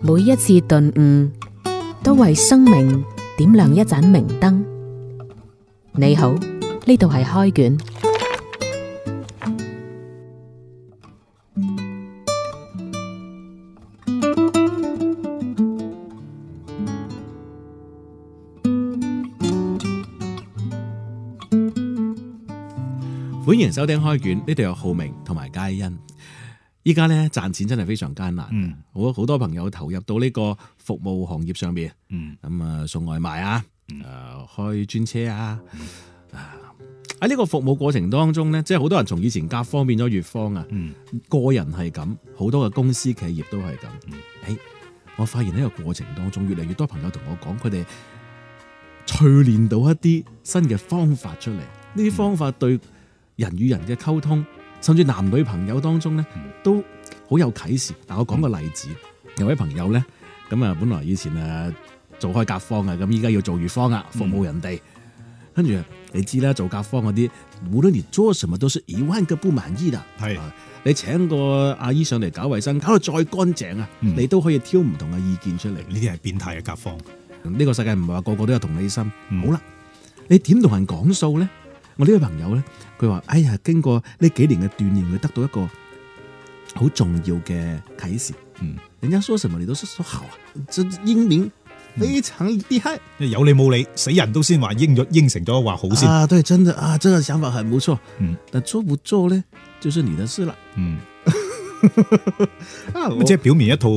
每一次頓悟，都為生命點亮一盞明燈。你好，呢度係開卷。歡迎收聽開卷，呢度有浩明同埋佳欣。依家咧賺錢真係非常艱難，好、嗯、好多朋友投入到呢個服務行業上面，咁、嗯、啊送外賣啊，誒、嗯、開專車啊，喺、嗯、呢個服務過程當中咧，即係好多人從以前甲方變咗乙方啊、嗯，個人係咁，好多嘅公司企業都係咁。誒、嗯哎，我發現呢個過程當中，越嚟越多朋友同我講，佢哋錘煉到一啲新嘅方法出嚟，呢啲方法對人與人嘅溝通。嗯甚至男女朋友當中咧，都好有啟示。嗱，我講個例子，嗯、有位朋友咧，咁啊，本來以前啊做開甲方啊，咁依家要做乙方啊，服務人哋。跟、嗯、住你知啦，做甲方嗰啲，無論你做什麼，都是一萬個不滿意的。係、啊，你請個阿姨上嚟搞衞生，搞到再乾淨啊、嗯，你都可以挑唔同嘅意見出嚟。呢啲係變態嘅甲方。呢個世界唔係話個個都有同理心。嗯、好啦，你點同人講數咧？我呢位朋友咧，佢話：哎呀，經過呢幾年嘅鍛煉，佢得到一個好重要嘅啟示。嗯，人家說乜你都說好啊，英明，非常厲害。嗯。有理冇理，死人都先話應咗應承咗話好先。啊，對，真的啊，真的想法很不錯。嗯，但做唔做咧，就是你的事啦。嗯。即 係、啊、表面一套，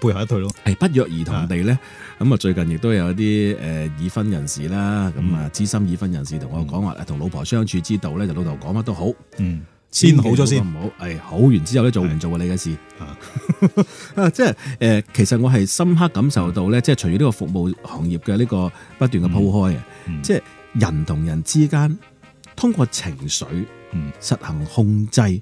背後一套咯。係不約而同地咧，咁啊，最近亦都有一啲誒已婚人士啦，咁、嗯、啊，資深已婚人士同我講話，同、嗯、老婆相處之道咧，就老豆講乜都好，嗯，先好咗先，唔好，誒，好完之後咧，做唔做啊你嘅？你嘅事即係誒， 其實我係深刻感受到咧，即係隨住呢個服務行業嘅呢個不斷嘅鋪開嘅，即、嗯、係、嗯就是、人同人之間通過情緒、嗯、實行控制咁、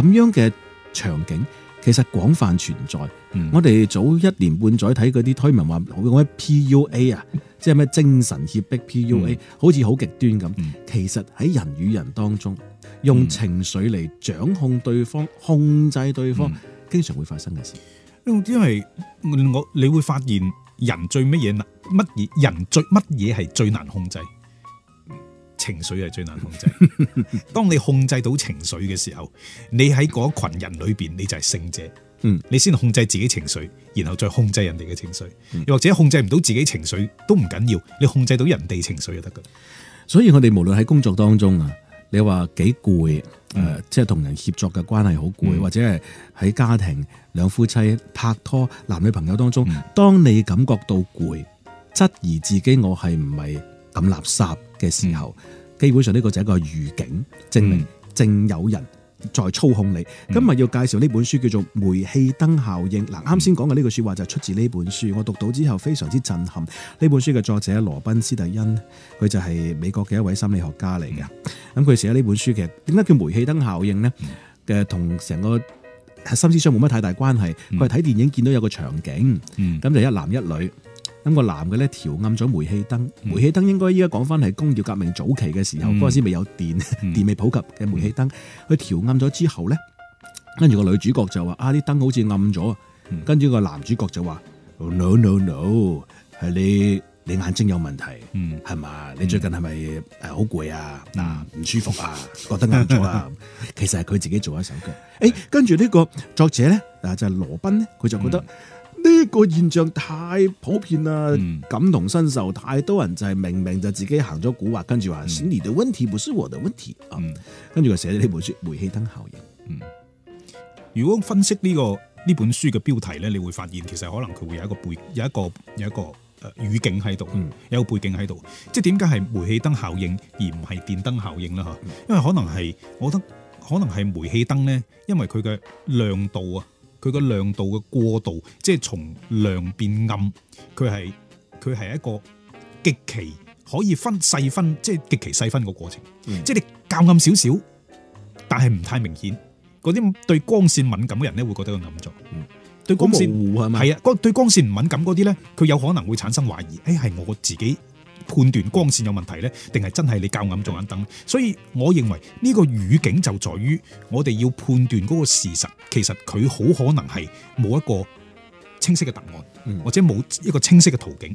嗯、樣嘅。場景其實廣泛存在。嗯、我哋早一年半載睇嗰啲推文話，我講咩 P.U.A. 啊，即係咩精神脅迫 P.U.A.，、嗯、好似好極端咁、嗯。其實喺人與人當中，用情緒嚟掌控對方、控制對方，嗯、經常會發生嘅事。因為我你會發現人最乜嘢難乜嘢人最乜嘢係最難控制。情緒係最難控制。 當你控制到情緒嘅時候，你喺嗰群人裏邊，你就係勝者。嗯，你先控制自己情緒，然後再控制人哋嘅情緒。又或者控制唔到自己情緒都唔緊要，你控制到人哋情緒就得㗎。所以我哋無論喺工作當中啊，你話幾攰誒，即係同人協作嘅關係好攰，嗯、或者係喺家庭兩夫妻拍拖男女朋友當中，嗯、當你感覺到攰，質疑自己我係唔係？咁垃圾嘅時候、嗯，基本上呢個就係一個預警證明，正、嗯、正有人在操控你。嗯、今日要介紹呢本書叫做《煤氣燈效應》。嗱、嗯，啱先講嘅呢句說話就出自呢本書、嗯。我讀到之後非常之震撼。呢本書嘅作者羅賓斯特恩，佢就係美國嘅一位心理學家嚟嘅。咁佢寫呢本書，嘅點點解叫煤氣燈效應呢？嘅同成個核心思想冇乜太大關係。佢、嗯、睇電影見到有個場景，咁、嗯、就一男一女。咁、那個男嘅咧調暗咗煤氣燈、嗯，煤氣燈應該依家講返係工業革命早期嘅時候，嗰、嗯、陣、那個、時未有電、嗯，電未普及嘅煤氣燈，佢、嗯、調暗咗之後咧，跟住個女主角就話：啊，啲燈好似暗咗。跟、嗯、住個男主角就話、嗯 oh,：no no no，係你你眼睛有問題，係、嗯、嘛？你最近係咪誒好攰啊？嗱、嗯，唔舒服啊,啊？覺得暗咗啊？ 其實係佢自己做了一手腳。誒、欸，跟住呢個作者咧嗱就是、羅賓咧，佢就覺得、嗯。呢、這個現象太普遍啦，感同身受，太多人就係明明就自己行咗蠱惑，跟住話、嗯，你的問題不是我的問題、啊。嗯，跟住就寫咗呢本書《煤氣燈效應》。嗯，如果分析呢、這個呢本書嘅標題咧，你會發現其實可能佢會有，有，有，、嗯、有一個背景，有一個有一個誒語境喺度，有個背景喺度。即係點解係煤氣燈效應而唔係電燈效應啦？吓，因為可能係，我覺得可能係煤氣燈咧，因為佢嘅亮度啊。佢個亮度嘅過渡，即係從亮變暗，佢係佢係一個極其可以分細分，即係極其細分個過程。即係你較暗少少，但係唔太明顯。嗰啲對光線敏感嘅人咧，會覺得佢暗咗。對光線係咪？係啊，對光線唔敏感嗰啲咧，佢有可能會產生懷疑。誒，係我自己。判斷光線有問題呢，定係真係你較暗做眼燈？所以我認為呢個語境就在於我哋要判斷嗰個事實，其實佢好可能係冇一個清晰嘅答案，嗯、或者冇一個清晰嘅途徑。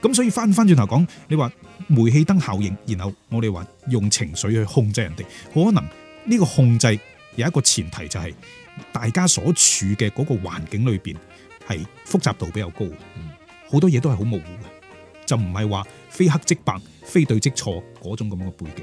咁、嗯、所以翻翻轉頭講，你話煤氣燈效應，然後我哋話用情緒去控制人哋，可能呢個控制有一個前提就係、是、大家所處嘅嗰個環境裏邊係複雜度比較高，好、嗯、多嘢都係好模糊嘅。就唔係話非黑即白、非對即錯嗰種咁嘅背景。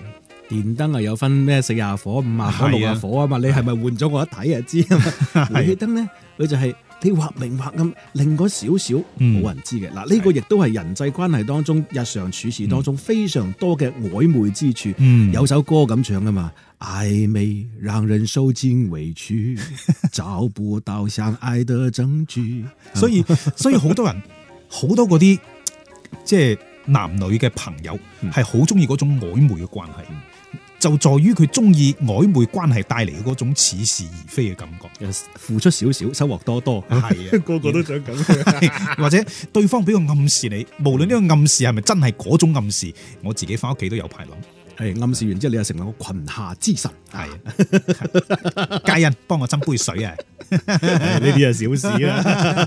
電燈啊有分咩四十火、五十火、六十火啊嘛，你係咪換咗我一睇啊知、就是、啊嘛？煤氣燈咧佢就係你畫明畫暗，令嗰少少冇人知嘅。嗱呢、啊、個亦都係人際關係當中、日常處事當中、啊、非常多嘅曖昧之處。啊、有首歌咁唱噶嘛，曖、啊、昧讓人受盡委屈， 找不到相愛的證據。 所以所以 好多人好多嗰啲。即係男女嘅朋友，係好中意嗰種曖昧嘅關係，就在於佢中意曖昧關係帶嚟嘅嗰種似是而非嘅感覺，付出少少，收穫多多，係啊，個個都想咁，或者對方俾個暗示你，無論呢個暗示係咪真係嗰種暗示，我自己翻屋企都有排諗。係暗示完之後，你又成為個群下之神，係佳人幫我斟杯水啊！呢 啲係小事啦，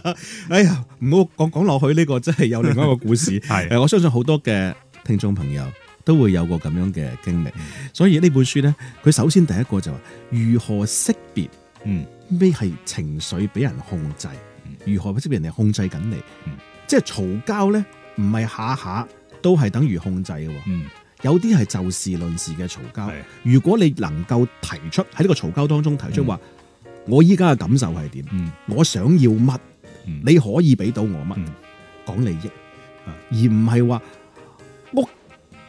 啊， 哎呀，唔好講講落去呢，這個真係有另外一個故事。係、哎、我相信好多嘅聽眾朋友都會有過咁樣嘅經歷，所以呢本書咧，佢首先第一個就話如何識別嗯咩係情緒俾人控制，嗯、如何識別人哋控制緊你，嗯、即係嘈交咧，唔係下下都係等於控制嘅。嗯有啲係就事論事嘅嘈交，如果你能夠提出喺呢個嘈交當中提出話、嗯，我依家嘅感受係點、嗯？我想要乜、嗯？你可以俾到我乜、嗯？講利益，是而唔係話我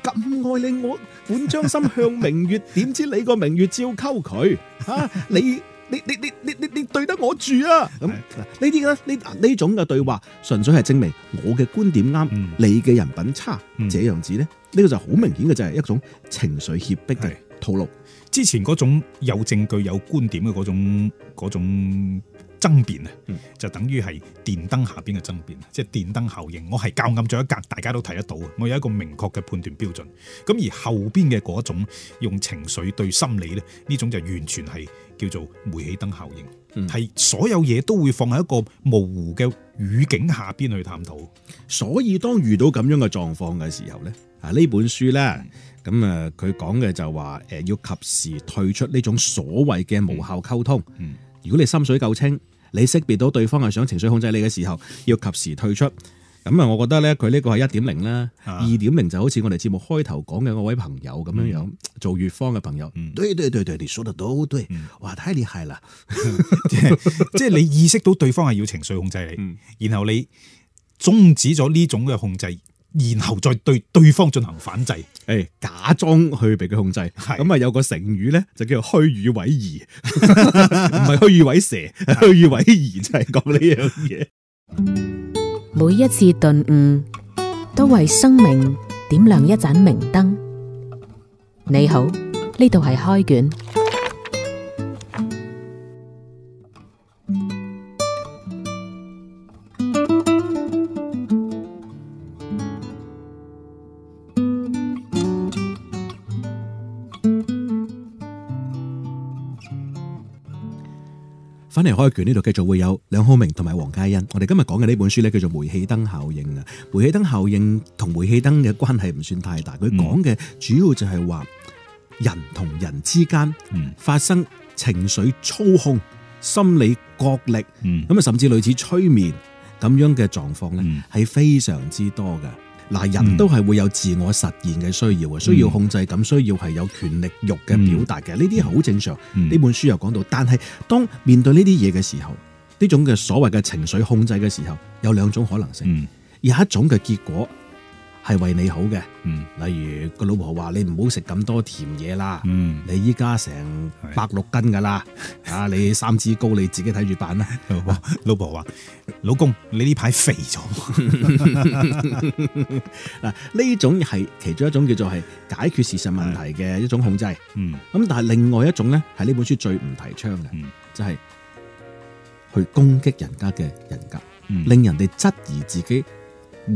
咁愛你，我本將心向明月，點 知你個明月照溝渠？啊！你。 你你你你你你對得我住啊！咁呢啲咧，呢呢種嘅對話，純粹係證明我嘅觀點啱、嗯，你嘅人品差，嗯、這樣子咧，呢個就好明顯嘅就係一種情緒脅迫嘅套路。之前嗰種有證據有觀點嘅嗰種嗰種。爭辯啊，就等於係電燈下邊嘅爭辯，即係電燈效應。我係校暗咗一格，大家都睇得到。我有一個明確嘅判斷標準。咁而後邊嘅嗰一種用情緒對心理咧，呢種就完全係叫做煤氣燈效應，係、嗯、所有嘢都會放喺一個模糊嘅語境下邊去探討。所以當遇到咁樣嘅狀況嘅時候咧，啊呢本書咧，咁啊佢講嘅就話，誒要及時退出呢種所謂嘅無效溝通、嗯。如果你心水夠清，你識別到對方係想情緒控制你嘅時候，要及時退出。咁啊，我覺得咧，佢呢個係一點零啦，二點零就好似我哋節目開頭講嘅嗰位朋友咁樣樣，嗯，做乙方嘅朋友。嗯，對對對，你說得都對。嗯、哇，太厲害啦！即係即係你意識到對方係要情緒控制你，然後你終止咗呢種嘅控制。然後再對對方進行反制，誒、哎，假裝去被佢控制，咁啊有個成語咧就叫做虛與委 蛇，唔 係虛與委蛇，虛與委蛇就係講呢樣嘢。每一次頓悟都為生命點亮一盞明燈。你好，呢度係開卷。翻嚟開卷呢度，這裏繼續會有梁浩明同埋黃嘉欣。我哋今日講嘅呢本書咧，叫做《煤氣燈效應》啊。煤氣燈效應同煤氣燈嘅關係唔算太大，佢講嘅主要就係話人同人之間發生情緒操控、心理角力，咁啊甚至類似催眠咁樣嘅狀況咧，係非常之多嘅。嗱，人都係會有自我實現嘅需要嘅，嗯、需要控制感，需要係有權力慾嘅表達嘅，呢啲係好正常。呢、嗯、本書又講到，但係當面對呢啲嘢嘅時候，呢種嘅所謂嘅情緒控制嘅時候，有兩種可能性，有一種嘅結果。嗯嗯係為你好嘅，例如個老婆話你唔好食咁多甜嘢啦、嗯，你依家成百六斤噶啦，啊你三脂高，你自己睇住辦啦。老婆話老，老公你呢排肥咗，嗱 呢種係其中一種叫做係解決事實問題嘅一種控制，嗯，咁但係另外一種咧係呢本書最唔提倡嘅、嗯，就係、是、去攻擊人家嘅人格，嗯、令人哋質疑自己。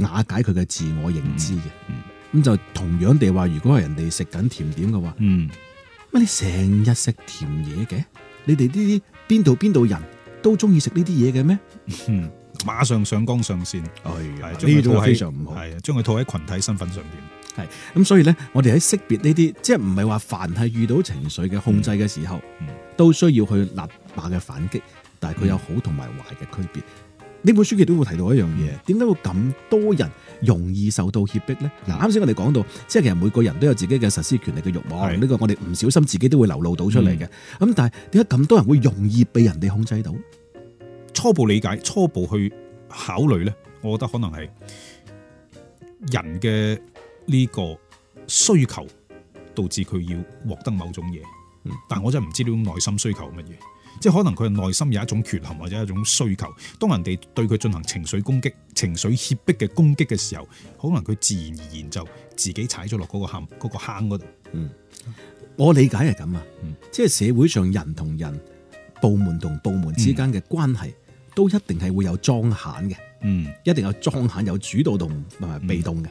瓦解佢嘅自我認知嘅，咁、嗯嗯、就同樣地話，如果係人哋食緊甜點嘅話，乜、嗯、你成日食甜嘢嘅？你哋呢啲邊度邊度人都中意食呢啲嘢嘅咩？馬上上綱上線，呢、哎、度非常唔好，係啊，將佢套喺群體身份上邊，係咁，所以咧，我哋喺識別呢啲，即係唔係話凡係遇到情緒嘅控制嘅時候、嗯嗯，都需要去立馬嘅反擊，但係佢有好同埋壞嘅區別。呢本書其實都會提到一樣嘢，點解會咁多人容易受到脅迫呢？嗱、嗯，啱先我哋講到，即係其實每個人都有自己嘅實施權力嘅欲望，呢、這個我哋唔小心自己都會流露到出嚟嘅。咁、嗯、但係點解咁多人會容易被人哋控制到？初步理解、初步去考慮呢，我覺得可能係人嘅呢個需求導致佢要獲得某種嘢、嗯。但我真係唔知呢種內心需求乜嘢。即係可能佢嘅內心有一種缺陷，或者一種需求。當人哋對佢進行情緒攻擊、情緒脅迫嘅攻擊嘅時候，可能佢自然而然就自己踩咗落嗰個陷、個坑嗰度、那個。嗯，我理解係咁啊，即係社會上人同人、部門同部門之間嘅關係、嗯，都一定係會有莊閒嘅。嗯，一定有莊閒、嗯，有主導同唔係被動嘅。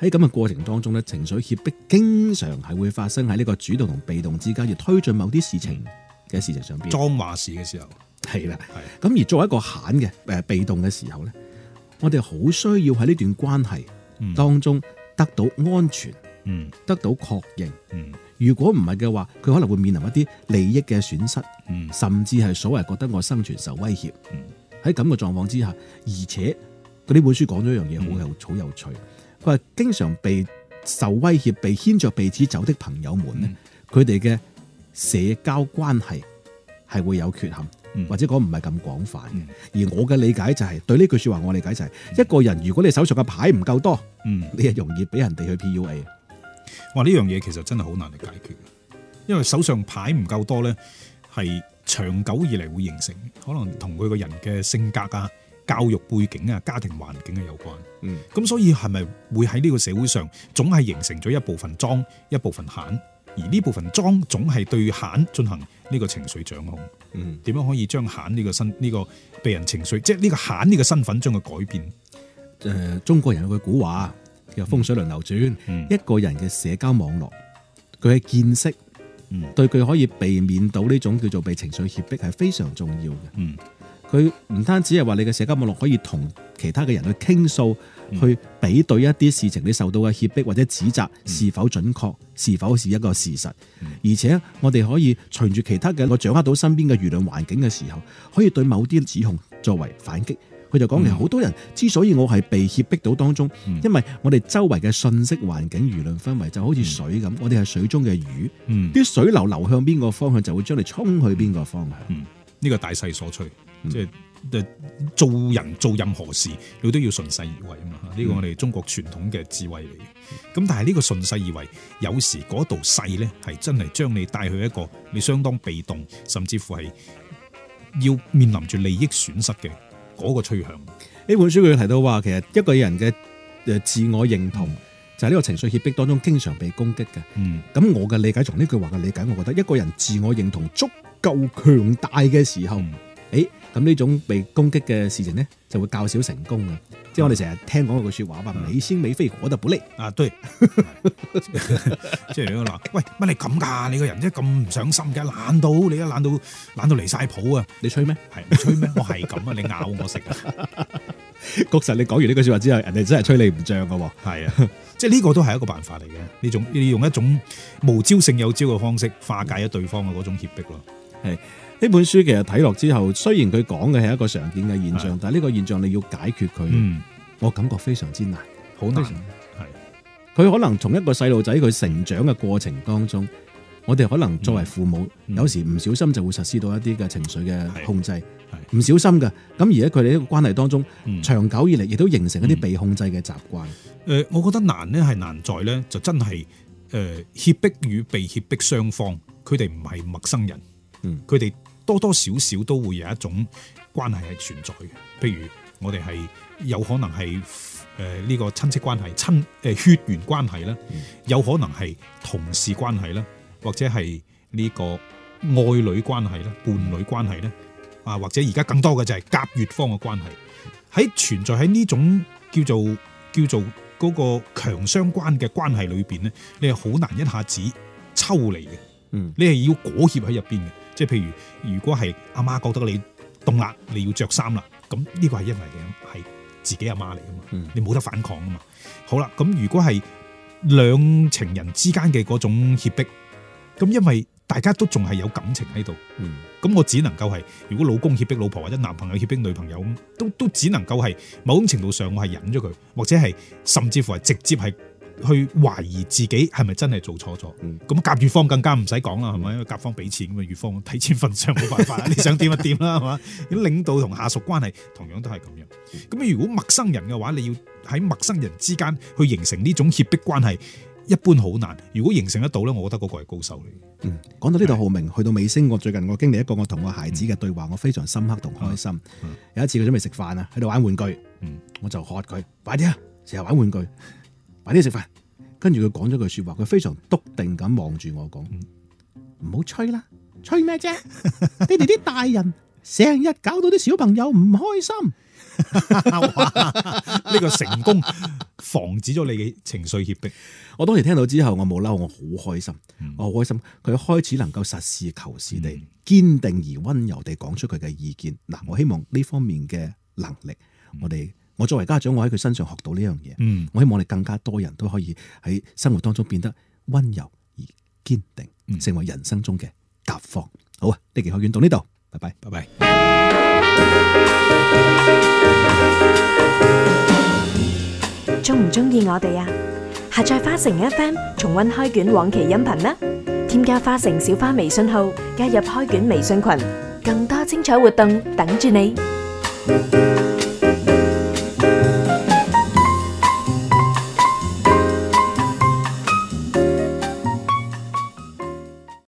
喺咁嘅過程當中咧、嗯，情緒脅迫經常係會發生喺呢個主導同被動之間，要推進某啲事情。嗯嘅事情上邊裝話事嘅時候係啦，係咁而作為一個慘嘅誒，被動嘅時候咧，我哋好需要喺呢段關係當中得到安全，嗯，得到確認，嗯。如果唔係嘅話，佢可能會面臨一啲利益嘅損失，嗯，甚至係所謂覺得我生存受威脅，嗯。喺咁嘅狀況之下，而且佢呢本書講咗一樣嘢，好有好有趣。佢話經常被受威脅、被牽着鼻子走嘅朋友們咧，佢哋嘅。社交關係係會有缺陷，或者講唔係咁廣泛。嗯、而我嘅理解就係、是、對呢句説話，我理解就係、是嗯、一個人如果你手上嘅牌唔夠多，嗯，你係容易俾人哋去 PUA。哇！呢樣嘢其實真係好難嚟解決，因為手上牌唔夠多呢係長久以嚟會形成，可能同佢個人嘅性格啊、教育背景啊、家庭環境啊有關。嗯，咁所以係咪會喺呢個社會上總係形成咗一部分裝一部分閒？而呢部分裝總係對閂進行呢個情緒掌控，點、嗯、樣可以將閂呢個身呢、呢個被人情緒，即係呢個閂呢個身份將佢改變？誒、呃，中國人有句古話，叫風水輪流轉。嗯、一個人嘅社交網絡，佢嘅見識，嗯、對佢可以避免到呢種叫做被情緒脅迫係非常重要嘅。佢、嗯、唔單止係話你嘅社交網絡可以同其他嘅人去傾訴。嗯、去比對一啲事情，你受到嘅脅迫或者指責是否準確，是否是一個事實、嗯？而且我哋可以隨住其他嘅我掌握到身邊嘅輿論環境嘅時候，可以對某啲指控作為反擊。佢就講：其實好多人之所以我係被脅迫到當中，因為我哋周圍嘅信息環境、輿論氛圍就好似水咁，我哋係水中嘅魚，啲水流流向邊個方向，就會將你沖去邊個方向。呢、呢個大勢所趨，即、嗯就是做人做任何事，你都要順勢而為啊嘛！呢個我哋中國傳統嘅智慧嚟嘅。咁但係呢個順勢而為，有時嗰度勢咧，係真係將你帶去一個你相當被動，甚至乎係要面臨住利益損失嘅嗰個趨向。呢本書佢提到話，其實一個人嘅誒自我認同，就係呢個情緒脅迫當中經常被攻擊嘅。嗯。咁我嘅理解從呢句話嘅理解，我覺得一個人自我認同足夠強大嘅時候，誒、嗯欸。咁呢種被攻擊嘅事情呢，就會較少成功嘅。嗯。即係我哋成日聽講個句説話話、嗯，美先美非，我就不嚟。啊，對。即係如果嗱， 喂，乜 你咁㗎，啊？你個人真係咁唔上心嘅，懶到你啊，懶到懶到離晒譜啊！你吹咩？係你吹咩？我係咁啊！ 你咬我食啊！確實，你講完呢句説話之後，人哋真係吹你唔脹嘅喎。係啊，即係呢個都係一個辦法嚟嘅。你仲要用一種無招勝有招嘅方式化解咗對方嘅嗰種脅迫咯。係。呢本書其實睇落之後，雖然佢講嘅係一個常見嘅現象，但係呢個現象你要解決佢、嗯，我感覺非常之難，好難。係佢可能從一個細路仔佢成長嘅過程當中，我哋可能作為父母，嗯、有時唔小心就會實施到一啲嘅情緒嘅控制，唔小心嘅。咁而家佢哋呢個關係當中，嗯、長久以嚟，亦都形成一啲被控制嘅習慣。誒、呃，我覺得難呢係難在呢，就真係誒脅迫與被脅迫雙方，佢哋唔係陌生人，嗯，佢哋。多多少少都會有一種關係係存在嘅，譬如我哋係有可能係誒呢個親戚關係、親誒血緣關係啦，有可能係、呃這個呃嗯、同事關係啦，或者係呢個愛侶關係啦、伴侶關係咧，啊或者而家更多嘅就係甲乙方嘅關係，喺存在喺呢種叫做叫做嗰個強相關嘅關係裏邊咧，你係好難一下子抽離嘅，嗯，你係要裹挾喺入邊嘅。即係譬如，如果係阿媽覺得你凍啦，你要着衫啦，咁呢個係因為你係自己阿媽嚟嘅嘛，你冇得反抗嘅嘛。好啦，咁如果係兩情人之間嘅嗰種脅迫，咁因為大家都仲係有感情喺度，咁我只能夠係，如果老公脅迫老婆或者男朋友脅迫女朋友咁，都都只能夠係某種程度上我係忍咗佢，或者係甚至乎係直接係，去懷疑自己係咪真係做錯咗？咁甲乙方更加唔使講啦，係咪？因為甲方俾錢咁啊，乙方睇錢份上冇辦法， 你想點就點啦，係嘛？領導同下屬關係同樣都係咁樣。咁如果陌生人嘅話，你要喺陌生人之間去形成呢種脅迫關係，一般好難。如果形成得到呢，我覺得嗰個係高手嚟。嗯，講到呢度浩明，去到尾聲，我最近我經歷一個我同我孩子嘅對話、嗯，我非常深刻同開心。有一次佢準備食飯啊，喺度玩玩具，嗯、我就喝佢快啲啊，成日玩玩具。快啲食飯，跟住佢講咗句說話，佢非常篤定咁望住我講，唔、嗯、好催啦，催咩啫？ 你哋啲大人成日搞到啲小朋友唔開心，呢 個成功防止咗你嘅情緒脅迫。我當時聽到之後，我冇嬲，我好開心，我好開心。佢開始能夠實事求是地、嗯、堅定而溫柔地講出佢嘅意見。嗱，我希望呢方面嘅能力，嗯、我哋。我作為家長，我喺佢身上學到呢樣嘢。我希望我哋更加多人都可以喺生活當中變得溫柔而堅定，嗯，成為人生中嘅甲方。好啊，呢期開卷到呢度，拜拜，拜拜。中唔中意我哋啊？下載花城 FM，重溫開卷往期音頻啦！添加花城小花微信號，加入開卷微信群，更多精彩活動等住你。